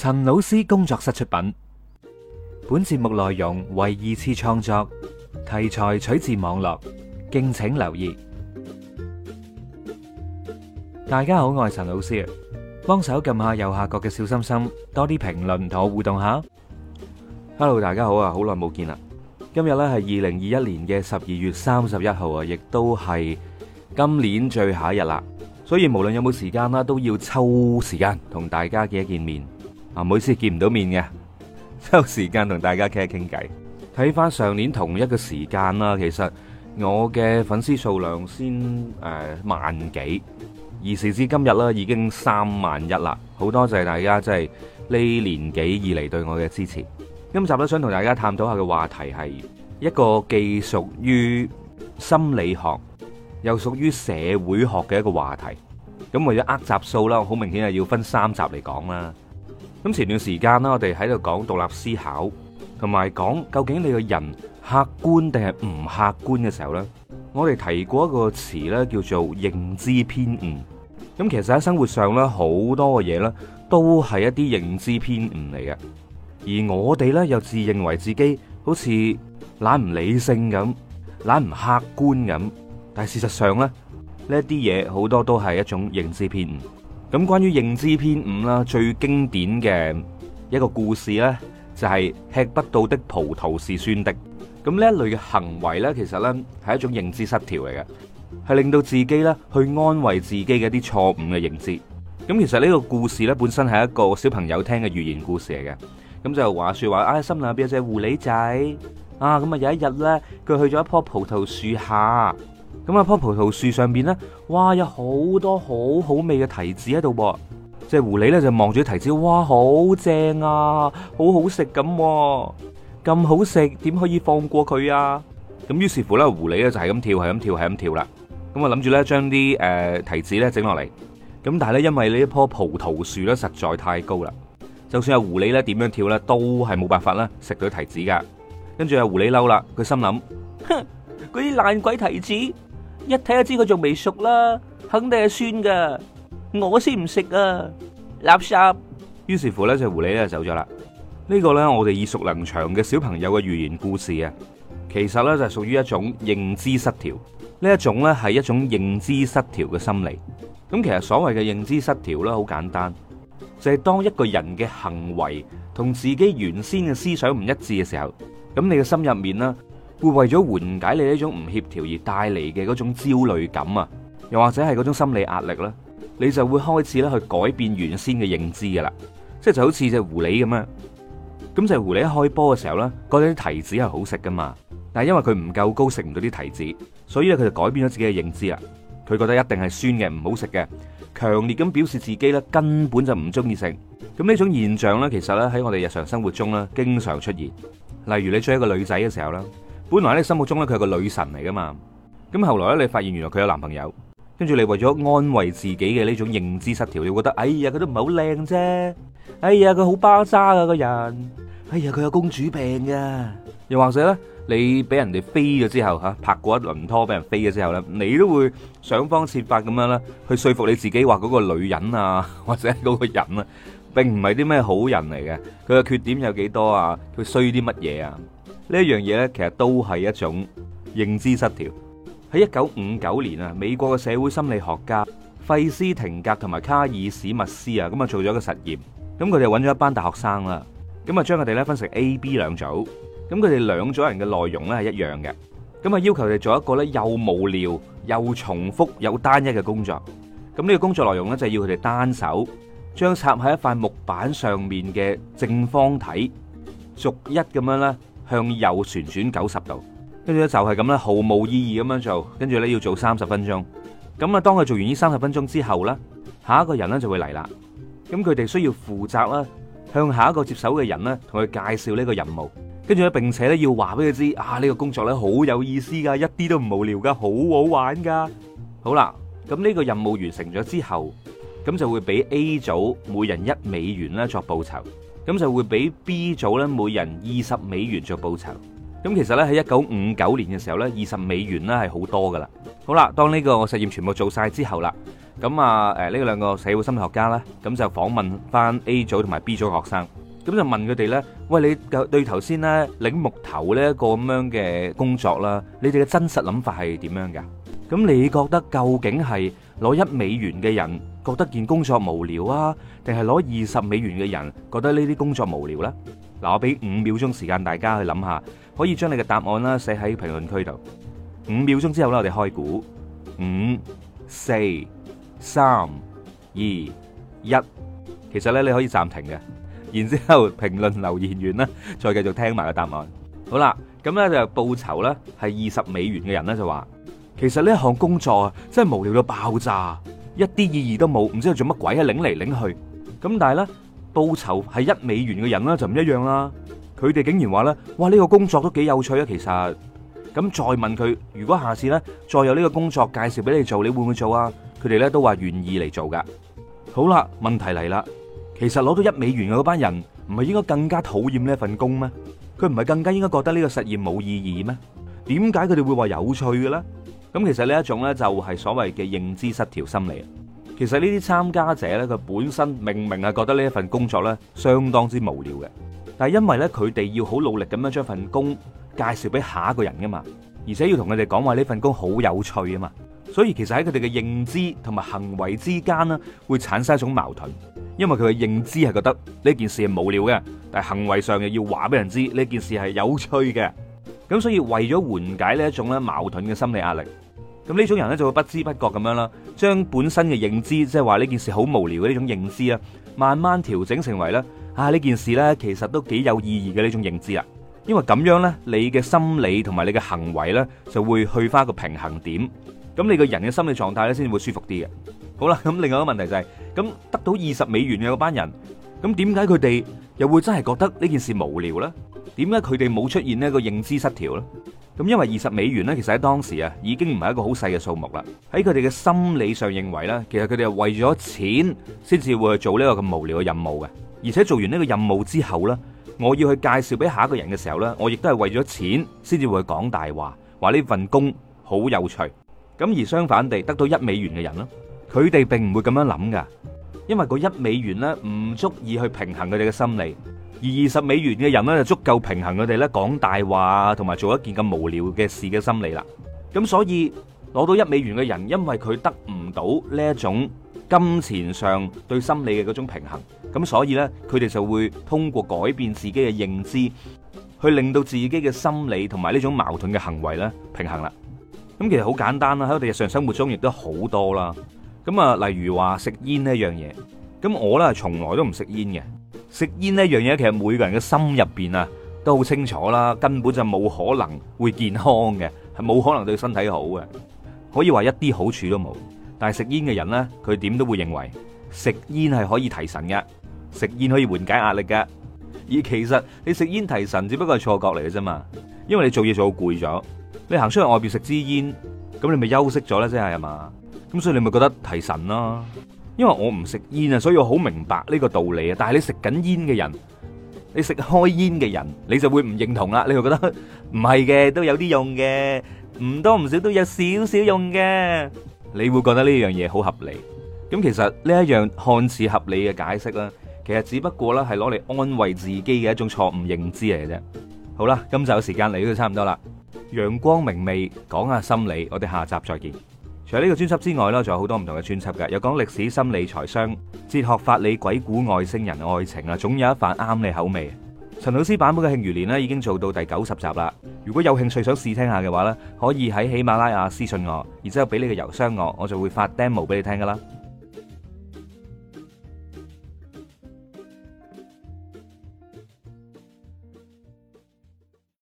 陳老師工作室出品，本節目內容為二次創作，題材取自網絡，敬請留意。大家好，我係陳老師，幫手撳下右下角嘅小心心，多啲評論同我互動下。Hello，大家好啊，好耐冇見啦。今日呢係二零二一年嘅十二月三十一號啊，亦都係今年最後一日啦。所以無論有冇時間啦，都要抽時間同大家見一面。啊！每次見唔到面嘅，抽時間同大家傾傾偈。睇翻上年同一個時間啦，其實我嘅粉絲數量先誒萬幾，而時至今日啦，已經三萬一啦。好多謝大家，即係呢年幾以嚟對我嘅支持。今集咧想同大家探討下嘅話題係一個既屬於心理學又屬於社會學嘅一個話題。咁為咗呃集數啦，好明顯係要分三集嚟講啦。咁前段時間啦，我哋喺度講獨立思考，同埋講究竟你個人客觀定係唔客觀嘅時候咧，我哋提過一個詞咧，叫做認知偏誤。咁其實喺生活上咧，好多嘅嘢呢都係一啲認知偏誤嚟嘅，而我哋咧又自認為自己好似懶唔理性咁，懶唔客觀咁，但係事實上咧，呢啲嘢好多都係一種認知偏誤。咁關於認知偏誤啦，最經典嘅一個故事咧，就係吃不到的葡萄是酸的。咁呢一類嘅行為咧，其實咧係一種認知失調嚟嘅，係令到自己咧去安慰自己嘅一啲錯誤嘅認知。咁其實呢個故事咧本身係一個小朋友聽嘅寓言故事嚟嘅。咁就話說話啊，森林入邊有隻狐狸仔啊，咁啊，有一日咧，佢去咗一棵葡萄樹下。咁啊，棵葡萄樹上邊咧，哇，有好多好好味嘅提子喺度噃。隻狐狸咧就望住提子，哇，好正啊，好好食咁，咁好食點可以放過佢啊？咁於是乎咧，狐狸咧就係咁跳，係咁跳，係咁跳啦。咁啊，諗住咧將啲誒提子咧整落嚟。咁但係咧，因為呢一棵葡萄樹咧實在太高啦，就算係狐狸咧點樣跳咧，都係冇辦法啦食到提子噶。跟住係狐狸嬲啦，佢心諗，哼。 嗰啲爛鬼提子，一睇，就知佢仲未熟啦，肯定係酸噶，我先唔食啊，垃圾。於是乎咧，隻狐狸咧就走咗啦。呢個咧，我哋耳熟能詳嘅小朋友嘅寓言故事啊，其實咧就屬於一種認知失調，呢一種咧係一種認知失調嘅心理。咁其實所謂嘅認知失調咧，好簡單，就係當一個人嘅行為同自己原先嘅思想唔一致嘅時候，咁你嘅心入面啦。會為咗緩解你呢種唔協調而帶嚟嘅嗰種焦慮感啊，又或者係嗰種心理壓力啦，你就會開始咧去改變原先嘅認知噶啦，即係就好似隻狐狸咁樣，咁就係狐狸一開波嘅時候咧，覺得啲提子係好食噶嘛，但係因為佢唔夠高食唔到啲提子，所以咧佢就改變咗自己嘅認知啦，佢覺得一定係酸嘅唔好食嘅，強烈咁表示自己咧根本就唔中意食。咁呢種現象咧，其實咧喺我哋日常生活中咧經常出現，例如你追一個女仔嘅時候啦。本來喺你心目中咧，佢係個女神嚟噶嘛？咁後來咧，你發現原來佢有男朋友，跟住你為咗安慰自己嘅呢種認知失調，你會覺得哎呀佢都唔係好靚啫，哎呀佢好巴渣啊個人，哎呀佢有公主病噶，又或者咧，你俾人哋飛咗之後吓，拍過一輪拖俾人飛咗之後咧，你都會想方設法咁樣啦，去說服你自己話嗰個女人啊，或者嗰個人啊，並唔係啲咩好人嚟嘅，佢嘅缺點有幾多啊？佢衰啲乜嘢啊？呢一樣嘢呢，其實都係一種認知失調。喺一九五九年啊，美國嘅社會心理學家費斯廷格同埋卡爾史密斯啊，咁啊做咗一個實驗。咁佢哋揾咗一班大學生啦，咁啊將佢哋呢分成 A、B 兩組。咁佢哋兩組人嘅內容呢係一樣嘅。咁啊要求佢哋做一個呢又無聊又重複又單一嘅工作。咁呢個工作內容呢就係要佢哋單手將插喺一塊木板上面嘅正方體逐一咁樣啦。向右旋轉九十度，跟住咧就係咁啦，毫無意義咁樣做，跟住咧要做三十分鐘。咁啊，當佢做完呢三十分鐘之後呢，下一個人呢就會嚟啦。咁佢哋需要負責啦，向下一個接手嘅人呢同佢介紹呢個任務，跟住咧並且咧要話俾佢知啊，呢個工作呢好有意思㗎，一啲都唔無聊㗎，好好玩㗎。好啦，咁呢個任務完成咗之後，咁就會俾 A 組每人一美元咧作報酬。咁就會俾 B 組咧每人二十美元做報酬。咁其實咧喺一九五九年嘅時候咧，二十美元咧係好多噶啦。好啦，當呢個實驗全部做晒之後啦，咁啊誒呢個兩個社會心理學家啦，咁就訪問翻 A 組同埋 B 組嘅學生，咁就問佢哋咧：喂，你對頭先咧擰木頭呢一個咁樣嘅工作啦，你哋嘅真實諗法係點樣噶？咁你覺得究竟係攞一美元嘅人？覺得件工作無聊啊？定係攞二十美元嘅人覺得呢啲工作無聊咧？嗱，我俾五秒鐘時間大家去諗下，可以將你嘅答案啦寫喺評論區度。五秒鐘之後咧，我哋開估，五、四、三、二、一。其實咧，你可以暫停嘅，然之後評論留言完啦，再繼續聽埋個答案。好啦，咁咧就報酬咧係二十美元嘅人咧就話，其實呢一項工作啊真係無聊到爆炸。一啲意義都冇，唔知佢做乜鬼啊，拎嚟拎去。咁但係咧，報酬係一美元嘅人咧就唔一樣啦。佢哋竟然話咧，哇呢個工作都幾有趣啊，其實。咁再問佢，如果下次咧再有呢個工作介紹俾你做，你會唔會做啊？佢哋咧都話願意嚟做噶。好啦，問題嚟啦。其實攞到一美元嘅嗰班人，唔係應該更加討厭呢一份工咩？佢唔係更加應該覺得呢個實驗冇意義咩？點解佢哋會話有趣嘅咧？咁其實呢一種呢，就係所謂嘅認知失調心理。其實呢啲參加者呢，佢本身明明係覺得呢一份工作呢，相當之無聊嘅，但係因為呢，佢哋要好努力咁樣將份工介紹俾下一個人噶嘛，而且要同佢哋講話呢份工好有趣啊嘛，所以其實喺佢哋嘅認知同埋行為之間呢，會產生一種矛盾，因為佢嘅認知係覺得呢件事係無聊嘅，但係行為上又要話俾人知呢件事係有趣嘅。咁所以為咗緩解呢一種呢矛盾嘅心理壓力，咁呢種人呢就會不知不覺咁樣啦，將本身嘅認知，即係話呢件事好無聊嘅呢種認知啊，慢慢調整成為呢啊呢件事呢其實都幾有意義嘅呢種認知啦。因為咁樣呢，你嘅心理同埋你嘅行為呢就會去返一個平衡點，咁你個人嘅心理狀態呢先至會舒服啲嘅。好啦，咁另外一個問題就係，咁得到二十美元嘅嗰班人，咁點解佢哋又會真係覺得呢件事無聊呢？點解佢哋冇出現呢個認知失調呢？咁因為二十美元呢，其實喺當時啊，已經唔係一個好細嘅數目啦。喺佢哋嘅心理上認為呢，其實佢哋係為咗錢先至會去做呢個咁無聊嘅任務嘅。而且做完呢個任務之後呢，我要去介紹俾下一個人嘅時候呢，我亦都係為咗錢先至會講大話，話呢份工好有趣。咁而相反地，得到一美元嘅人咧，佢哋並唔會咁樣諗噶，因為嗰一美元呢唔足以去平衡佢哋嘅心理。而二十美元嘅人咧就足夠平衡佢哋咧講大話同埋做一件咁無聊嘅事嘅心理啦。咁所以攞到一美元嘅人，因為佢得唔到呢一種金錢上對心理嘅嗰種平衡，咁所以呢，佢哋就會通過改變自己嘅認知，去令到自己嘅心理同埋呢種矛盾嘅行為呢平衡啦。咁其實好簡單啦，喺我哋日常生活中亦都好多啦。咁啊，例如話食煙呢一樣嘢，咁我呢，從來都唔食煙嘅。食煙呢樣嘢，其實每個人嘅心入邊啊，都好清楚啦，根本就冇可能會健康嘅，係冇可能對身體好嘅，可以話一啲好處都冇。但係食煙嘅人呢，佢點都會認為食煙係可以提神嘅，食煙可以緩解壓力嘅。而其實你食煙提神，只不過係錯覺嚟嘅啫嘛，因為你做嘢做到攰咗，你行出去外邊食支煙，咁你咪休息咗呢？即係係嘛？咁所以你咪覺得提神咯。因為我唔食煙啊，所以我好明白呢個道理啊。但係你食緊煙嘅人，你食開煙嘅人，你就會唔認同啦。你就覺得唔係嘅，都有啲用嘅，唔多唔少都有少少用嘅。你會覺得呢樣嘢好合理。咁其實呢一樣看似合理嘅解釋啦，其實只不過咧係攞嚟安慰自己嘅一種錯誤認知嚟嘅啫。好啦，今集時間嚟到差唔多啦。陽光明媚，講下心理，我哋下集再見。除咗呢個專輯之外咧，仲有好多唔同嘅專輯嘅，有講歷史、心理、財商、哲學、法理、鬼故、外星人、愛情啊，總有一番啱你口味。陳老師版本嘅《慶餘年》咧已經做到第九十集啦，如果有興趣想試聽下嘅話咧，可以喺喜馬拉雅私信我，然之後俾你個郵箱我，我就會發 demo 俾你聽噶啦。